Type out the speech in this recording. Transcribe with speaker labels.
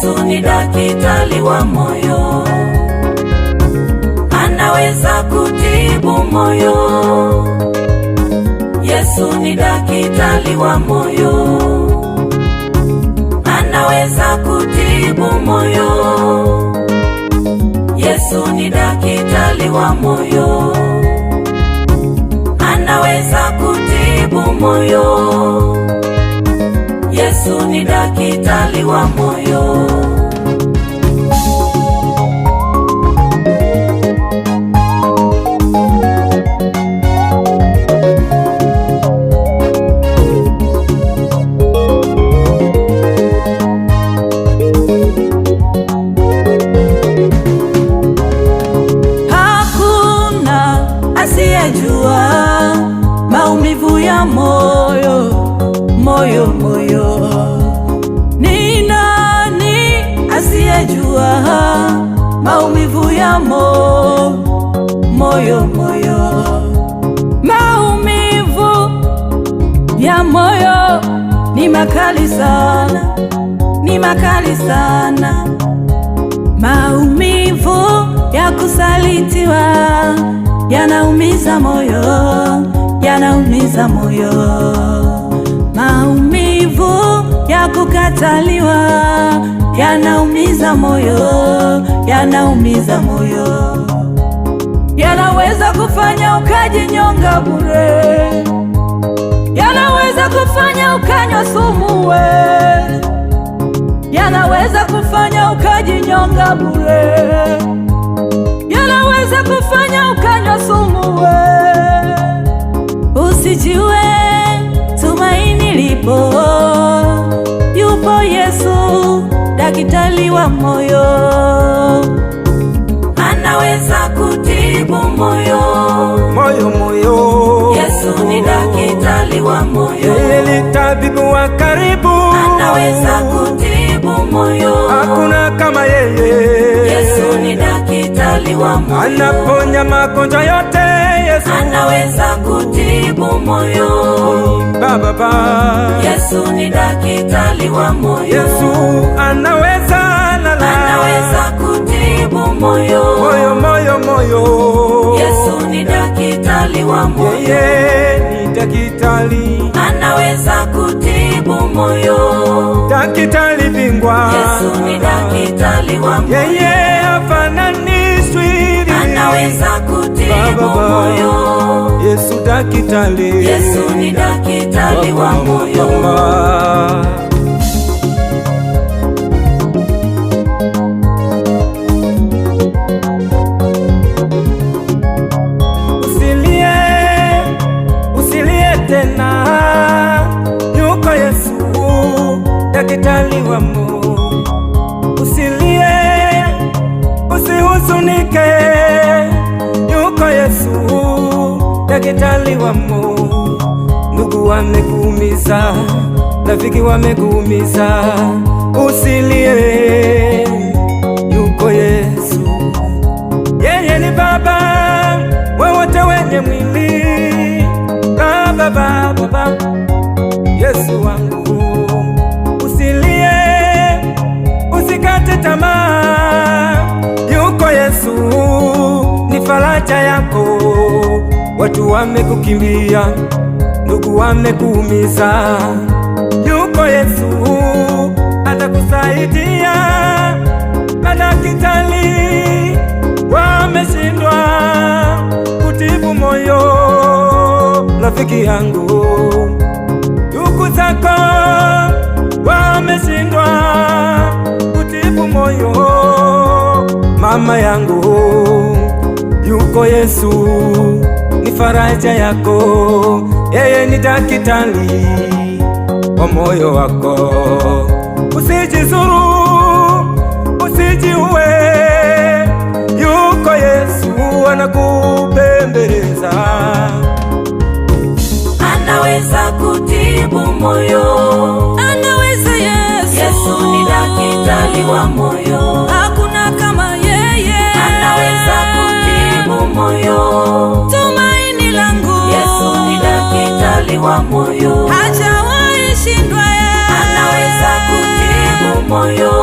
Speaker 1: Yesu ni daktari wa moyo, anaweza kutibu moyo. Yesu ni daktari wa moyo, anaweza kutibu moyo. Yesu ni daktari wa moyo, anaweza kutibu moyo. Yesu ni daktari wa moyo.
Speaker 2: Hakuna maumivu ya moyo moyo moyo amejua maumivu mo moyo moyo, maumivu ya moyo ni makali sana, ni makali sana, maumivu ya kusalitiwa yanaumiza moyo, yanaumiza moyo, maumivu ya kukataliwa yanaumiza moyo, yanaumiza moyo, yanaweza kufanya ukajinyonga bure, yanaweza kufanya ukanywa sumu we, yanaweza kufanya ukajinyonga bure, yanaweza kufanya ukanywa sumu we. Usijue tumaini lipo akitaliwa moyo
Speaker 1: anaweza kutibu moyo
Speaker 3: moyo moyo.
Speaker 1: Yesu ni daktari wa moyo,
Speaker 3: yeye tabibu wa karibu,
Speaker 1: anaweza kutibu moyo,
Speaker 3: hakuna kama yeye.
Speaker 1: Yesu ni daktari wa moyo,
Speaker 3: anaponya magonjwa yote. Yesu
Speaker 1: anaweza kutibu moyo baba, Yesu ni daktari wa moyo
Speaker 3: Yesu moyo, moyo, moyo, moyo.
Speaker 1: Yesu ni dakitali wa
Speaker 3: moyo, yeye ni dakitali,
Speaker 1: anaweza kutibu moyo,
Speaker 3: dakitali bingwa.
Speaker 1: Yesu ni dakitali wa moyo,
Speaker 3: yeye hafananishwi,
Speaker 1: anaweza kutibu moyo.
Speaker 3: Yesu dakitali,
Speaker 1: Yesu ni dakitali wa moyo.
Speaker 3: wa mo, ndugu wamekuumiza, rafiki wamekuumiza, usilie, yuko Yesu. Yeye ni Baba wa wote wenye mwili. Baba, Baba, Baba, Yesu wangu, usilie, tamaa, yuko Yesu, ni faraja yako watu wamekukimbia, ndugu wamekuumiza, yuko Yesu atakusaidia. Madaktari wameshindwa kutibu moyo, rafiki yangu, ndugu zako wameshindwa kutibu moyo, mama yangu, yuko Yesu faraja yako, yeye ni daktari wa moyo wako. Usijizuru, usijiue, yuko Yesu anakubembeleza.
Speaker 1: Anaweza kutibu moyo,
Speaker 2: anaweza Yesu.
Speaker 1: Yesu ni daktari wa moyo ndani wa moyo,
Speaker 2: hajawahi shindwa,
Speaker 1: anaweza kujibu moyo